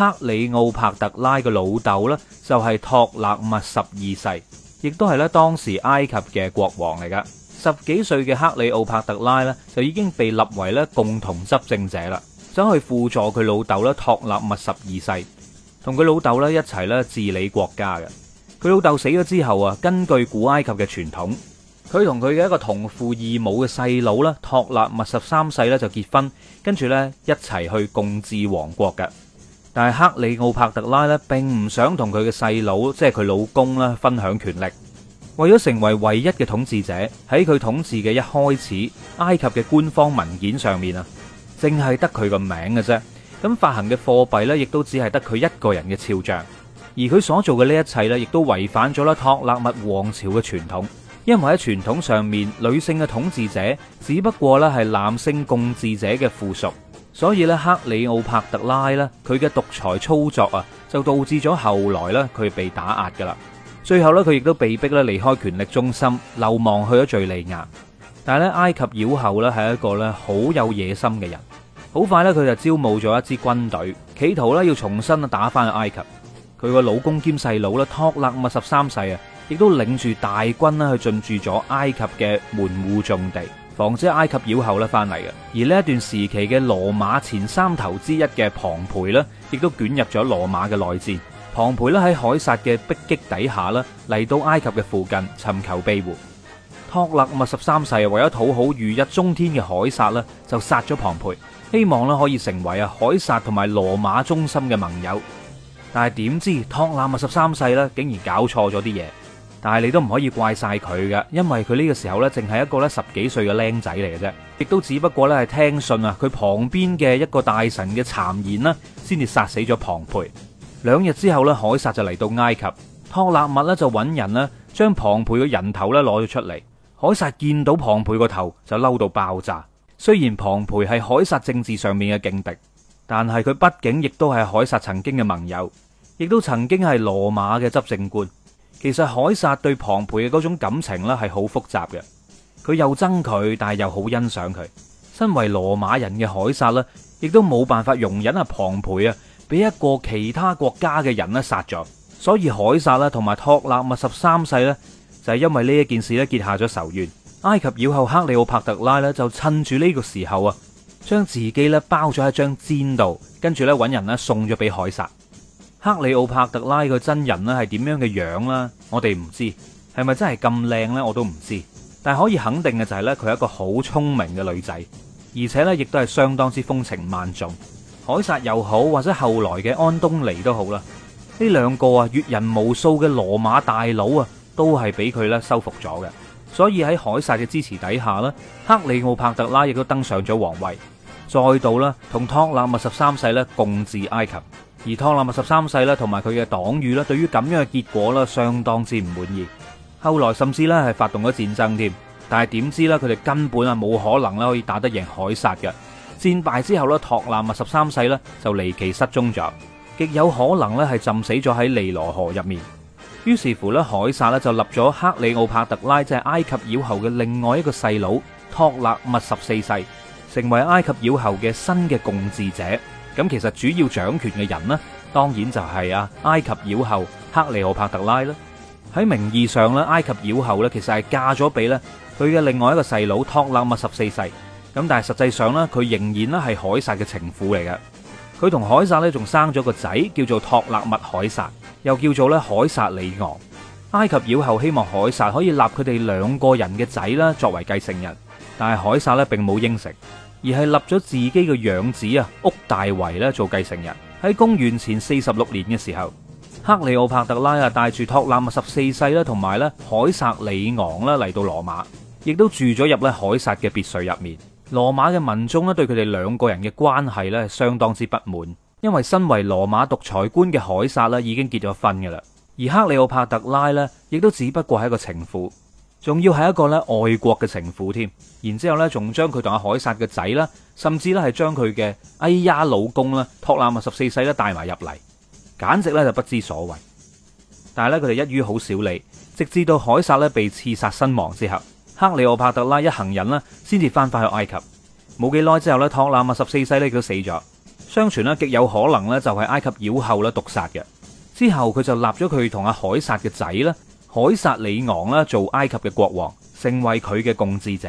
克里奧帕特拉嘅老豆呢，就係托勒密十二世，亦都係咧當時埃及嘅國王嚟噶。十幾歲嘅克里奧帕特拉呢，就已經被立為咧共同執政者啦，想去輔助佢老豆咧托勒密十二世，同佢老豆咧一齊咧治理國家嘅。佢老豆死咗之後啊，根據古埃及嘅傳統，佢同佢嘅一個同父異母嘅細佬咧托勒密十三世咧就結婚，跟住咧一齊去共治王國嘅。但係克里奧帕特拉咧，並唔想同佢嘅細佬，即係佢老公啦，分享權力。為咗成為唯一嘅統治者，喺佢統治嘅一開始，埃及嘅官方文件上面啊，淨係得佢個名嘅啫。咁發行嘅貨幣呢，亦都只係得佢一個人嘅肖像。而佢所做嘅呢一切呢，亦都違反咗啦托勒密王朝嘅傳統。因為喺傳統上面，女性嘅統治者只不過咧係男性共治者嘅附屬。所以咧，克里奧帕特拉咧，佢嘅獨裁操作啊，就導致咗後來咧佢被打壓噶啦。最後呢，佢亦都被逼咧離開權力中心，流亡去咗敘利亞。但係咧，埃及妖后呢，係一個咧好有野心嘅人，好快呢，佢就招募咗一支軍隊，企圖咧要重新打翻埃及。佢個老公兼細佬咧托勒密十三世啊，亦都領住大軍呢去進駐咗埃及嘅門戶重地。防止埃及妖后咧翻嚟嘅，而呢一段時期嘅羅馬前三頭之一嘅龐培咧，亦都捲入咗羅馬嘅內戰。龐培咧喺凱撒嘅逼擊底下咧嚟到埃及嘅附近尋求庇護。托勒密十三世為咗討好如日中天嘅凱撒咧，就殺咗龐培，希望咧可以成為啊凱撒同埋羅馬忠心嘅盟友。但係點知托勒密十三世咧竟然搞錯咗啲嘢。但係你都唔可以怪晒佢嘅，因為佢呢個時候咧，淨係一個咧十幾歲嘅僆仔嚟嘅啫，亦都只不過咧係聽信啊佢旁邊嘅一個大臣嘅讒言啦，先至殺死咗龐培。兩日之後咧，凱撒就嚟到埃及，托勒密咧就揾人咧將龐培嘅人頭咧攞咗出嚟。凱撒見到龐培個頭就嬲到爆炸。雖然龐培係凱撒政治上面嘅勁敵，但係佢畢竟亦都係凱撒曾經嘅盟友，亦都曾經係羅馬嘅執政官。其實凱撒對龐培嘅嗰種感情咧係好複雜嘅，佢又憎佢，但係又好欣賞佢。身為羅馬人嘅凱撒呢，亦都冇辦法容忍阿龐培啊，俾一個其他國家嘅人咧殺咗，所以凱撒啦同埋托勒密十三世呢，就係因為呢一件事呢，結下咗仇怨。埃及妖后克里奧帕特拉呢，就趁住呢個時候啊，將自己呢包咗一張氈度，跟住呢揾人呢，送咗俾凱撒。克里奧帕特拉個真人咧係點樣嘅樣啦？我哋唔知係咪真係咁靚呢？我都唔知。但係可以肯定嘅就係咧，佢係一個好聰明嘅女仔，而且呢亦都係相當之風情萬種。凱撒又好，或者後來嘅安東尼都好啦，呢兩個啊閱人無數嘅羅馬大佬啊，都係俾佢咧收服咗嘅。所以喺凱撒嘅支持底下啦，克里奧帕特拉亦都登上咗皇位，再度啦同托勒密十三世咧共治埃及。而托勒密十三世呢，同埋佢嘅黨羽呢，對於咁樣嘅結果呢，相當之唔滿意。後來甚至呢，係發動咗戰爭添，但係點知呢，佢哋根本啊冇可能呢可以打得贏凱撒嘅。戰敗之後呢，托勒密十三世呢，就離奇失蹤咗，極有可能呢，係浸死咗喺尼羅河入面。於是乎呢，凱撒呢，就立咗克里奧帕特拉，即係埃及妖后嘅另外一個細佬托勒密十四世，成為埃及妖后嘅新嘅共治者。咁其實主要掌權嘅人呢，當然就係啊埃及妖后克利奧帕特拉啦。喺名義上咧，埃及妖后咧其實係嫁咗俾咧佢嘅另外一個細佬托勒密十四世。咁但係實際上咧，佢仍然咧係凱撒嘅情婦嚟嘅。佢同凱撒咧仲生咗個仔叫做托勒密凱撒，又叫做咧凱撒里昂。埃及妖后希望凱撒可以立佢哋兩個人嘅仔啦作為繼承人，但係凱撒咧並冇應承。而係立咗自己嘅養子啊屋大維咧做繼承人。喺公元前四十六年嘅時候，克里奧帕特拉啊帶住托勒密十四世啦同埋咧凱撒里昂啦嚟到羅馬，亦都住咗入咧凱撒嘅別墅入面。羅馬嘅民眾咧對佢哋兩個人嘅關係咧相當之不滿，因為身為羅馬獨裁官嘅凱撒啦已經結咗婚噶啦，而克里奧帕特拉咧亦都只不過係一個情婦。仲要係一個咧外國嘅情婦添，然之後咧仲將佢同阿凱撒嘅仔啦，甚至咧係將佢嘅哎呀老公啦托拉默十四世咧帶埋入嚟，簡直咧就不知所謂。但係咧佢哋一於好少理，直至到凱撒咧被刺殺身亡之後，克里奧帕特拉一行人咧先至翻返去埃及。冇幾耐之後咧，托拉默十四世咧都死咗，相傳咧極有可能咧就係埃及妖后啦毒殺嘅。之後佢就立咗佢同阿凱撒嘅仔啦。凱撒里昂啦，做埃及嘅國王，成為佢嘅共治者，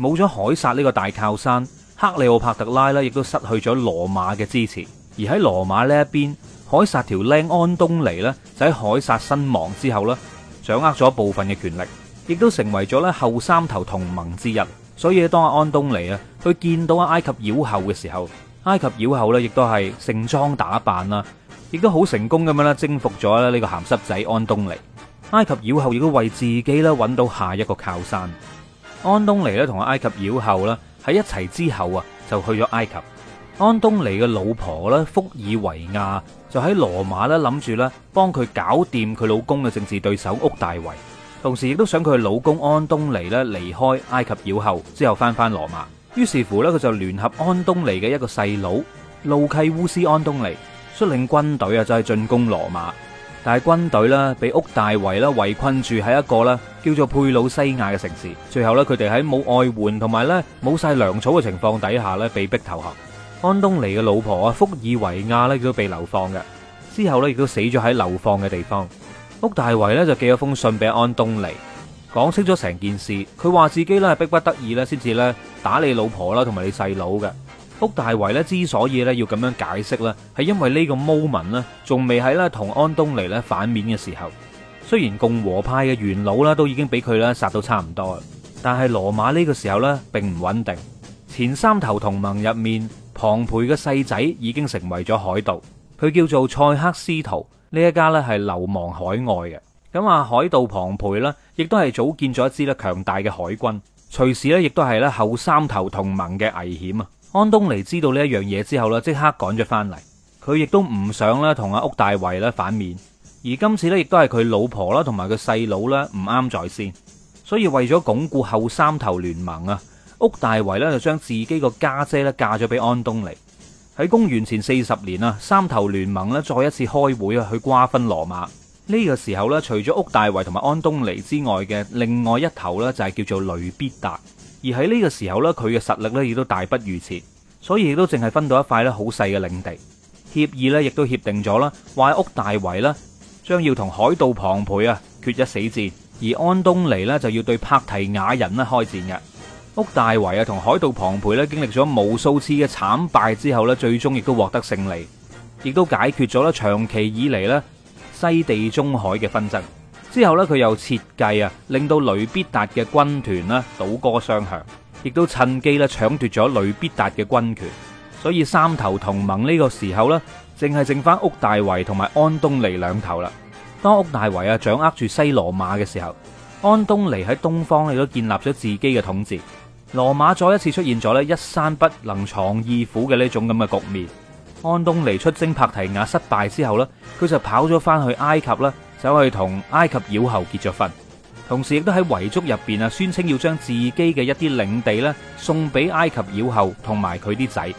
冇咗凱撒呢個大靠山，克里奧帕特拉咧，亦都失去咗羅馬嘅支持。而喺羅馬呢一邊，凱撒條靚安東尼咧，就喺凱撒身亡之後咧，掌握咗部分嘅權力，亦都成為咗咧後三頭同盟之一。所以當阿安東尼啊去見到阿埃及妖后嘅時候，埃及妖后咧亦都係盛裝打扮啦，亦都好成功咁樣咧征服咗呢個咸濕仔安東尼。埃及妖后亦都為自己揾到下一個靠山。安東尼咧同阿埃及妖后啦喺一齊之後啊，就去咗埃及。安東尼嘅老婆啦，福爾維亞就喺羅馬咧諗住咧幫佢搞掂佢老公嘅政治對手屋大維，同時亦都想佢老公安東尼咧離開埃及妖后之後翻翻羅馬。於是乎咧，佢就聯合安東尼嘅一個細佬路契烏斯安東尼，率領軍隊啊，就係進攻羅馬。但係軍隊啦，被屋大維啦圍困住喺一個啦叫做佩魯西亞嘅城市，最後咧佢哋喺冇外援同埋咧冇晒糧草嘅情況底下咧，被逼投降。安東尼嘅老婆啊，福爾維亞咧，亦都被流放嘅，之後咧亦都死咗喺流放嘅地方。屋大維咧就寄咗封信俾安東尼，講清咗成件事。佢話自己咧係迫不得已咧先至咧打你老婆啦，同埋你細佬嘅。福大維咧之所以咧要咁樣解釋咧，係因為呢個 moment 咧仲未喺咧同安東尼咧反面嘅時候。雖然共和派嘅元老啦都已經俾佢咧殺到差唔多啦，但係羅馬呢個時候咧並唔穩定。前三頭同盟入面，龐培嘅細仔已經成為咗海盜，佢叫做塞克斯圖。呢一家咧係流亡海外嘅。咁啊，海盜龐培呢，亦都係組建咗一支咧強大嘅海軍，隨時呢，亦都係咧後三頭同盟嘅危險啊！安東尼知道呢一樣嘢之後咧，即刻趕咗翻嚟。佢亦都唔想咧同阿屋大維咧反面，而今次咧亦都係佢老婆啦同埋佢細佬啦唔啱在先，所以為咗鞏固後三頭聯盟啊，屋大維咧就將自己個家姐咧嫁咗俾安東尼。喺公元前四十年啊，三頭聯盟咧再一次開會啊，去瓜分羅馬。呢、這個時候咧，除咗屋大維同埋安東尼之外嘅另外一頭咧就係叫做雷必達。而喺呢個時候呢，佢嘅實力呢亦都大不如前，所以亦都淨係分到一塊呢好細嘅領地。協議呢亦都協定咗啦，話屋大維呢將要同海盜龐培啊決一死戰，而安東尼呢就要對帕提亞人呢開戰嘅。屋大維啊同海盜龐培呢經歷咗無數次嘅慘敗之後呢，最終亦都獲得勝利，亦都解決咗呢長期以嚟呢西地中海嘅紛爭。之後咧，佢又設計啊，令到雷必達嘅軍團咧倒戈相向，亦都趁機咧搶奪咗雷必達嘅軍權。所以三頭同盟呢個時候咧，淨係剩翻屋大維同埋安東尼兩頭啦。當屋大維啊掌握住西羅馬嘅時候，安東尼喺東方亦都建立咗自己嘅統治。羅馬再一次出現咗咧一山不能藏二虎嘅呢種咁嘅局面。安東尼出征帕提亞失敗之後咧，佢就跑咗翻去埃及啦。走去同埃及妖后結咗婚，同時亦都喺遺囑入邊啊，宣稱要將自己嘅一啲領地咧送俾埃及妖后同埋佢啲仔。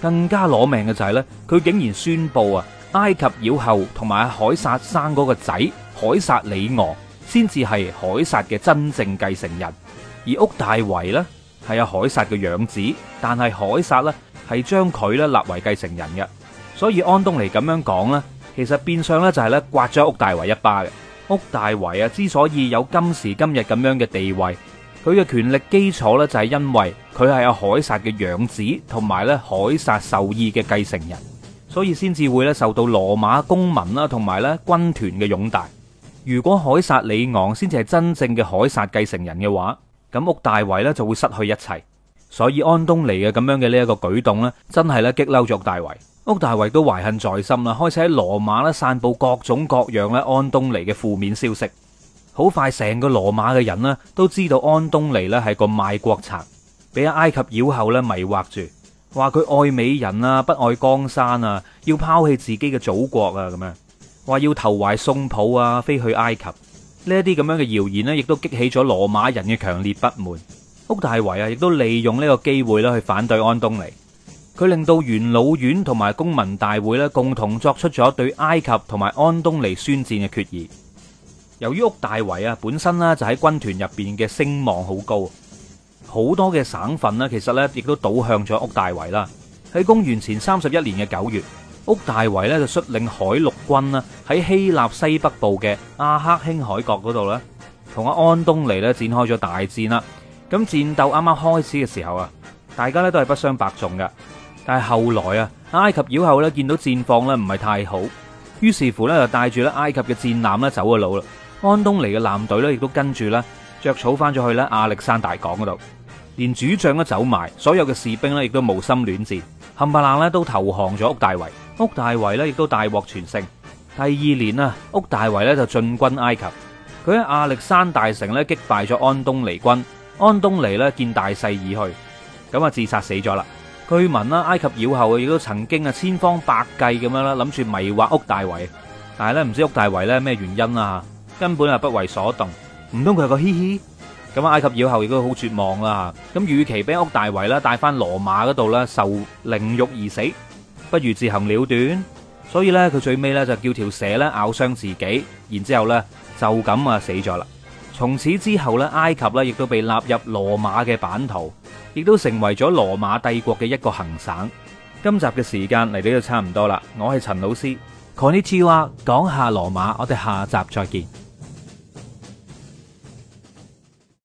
更加攞命嘅就係呢，佢竟然宣布啊，埃及妖后同埋凱撒生嗰個仔凱撒里俄先至係凱撒嘅真正繼承人，而屋大維呢，係阿凱撒嘅養子，但係凱撒呢，係將佢咧立為繼承人嘅。所以安東尼咁樣講咧。其實變相咧就係咧刮咗屋大維一巴嘅。屋大維啊，之所以有今時今日咁樣嘅地位，佢嘅權力基礎咧就係因為佢係阿凱撒嘅養子，同埋咧凱撒授意嘅繼承人，所以先至會咧受到羅馬公民啦同埋咧軍團嘅擁戴。如果凱撒里昂先至係真正嘅凱撒繼承人嘅話，咁屋大維咧就會失去一切。所以安東尼嘅咁樣嘅呢一個舉動咧，真係咧激嬲咗屋大維。屋大維都懷恨在心啦，開始喺羅馬咧散布各種各樣咧安東尼嘅負面消息。好快成個羅馬嘅人咧都知道安東尼咧係個賣國賊，俾埃及妖后咧迷惑住，話佢愛美人啦，不愛江山啊，要拋棄自己嘅祖國啊，咁樣話要投懷送抱啊，飛去埃及。呢一啲咁樣嘅謠言咧，亦都激起咗羅馬人嘅強烈不滿。屋大維啊，亦都利用呢個機會咧去反對安東尼。佢令到元老院同埋公民大會咧共同作出咗對埃及同埋安東尼宣戰嘅決議。由於屋大維啊本身呢，就喺軍團入邊嘅聲望好高，好多嘅省份呢，其實呢亦都倒向咗屋大維啦。喺公元前三十一年嘅九月，屋大維呢就率領海陸軍啦喺希臘西北部嘅阿克興海角嗰度呢，同阿安東尼呢展開咗大戰啦。咁戰鬥啱啱開始嘅時候啊，大家呢都係不相伯仲嘅。但係後來啊，埃及妖后咧，見到戰況咧唔係太好，於是乎咧就帶住咧埃及嘅戰艦咧走咗佬啦。安東尼嘅艦隊咧亦都跟住咧著，著草翻咗去咧亞歷山大港嗰度，連主將都走埋，所有嘅士兵咧亦都無心戀戰，冚唪唥咧都投降咗屋大維。屋大維咧亦都大獲全勝。第二年啊，屋大維咧就進軍埃及，佢喺亞歷山大城咧擊敗咗安東尼軍。安東尼咧見大勢已去，咁啊自殺死咗啦。據聞啦，埃及妖后亦都曾經啊，千方百計咁樣啦，諗住迷惑屋大維，但係咧唔知屋大維咧咩原因啦，根本啊不為所動，唔通佢係個嘻嘻咁啊？埃及妖后亦都好絕望啦，咁與其俾屋大維啦帶翻羅馬嗰度啦受凌辱而死，不如自行了斷，所以咧佢最尾咧就叫條蛇咧咬傷自己，然之後咧就咁啊死咗啦。從此之後咧，埃及咧亦都被納入羅馬嘅版圖，亦都成為咗羅馬帝國嘅一個行省。今集嘅時間嚟到就差唔多啦，我係陳老師，講啲知話，講下羅馬，我哋下集再見。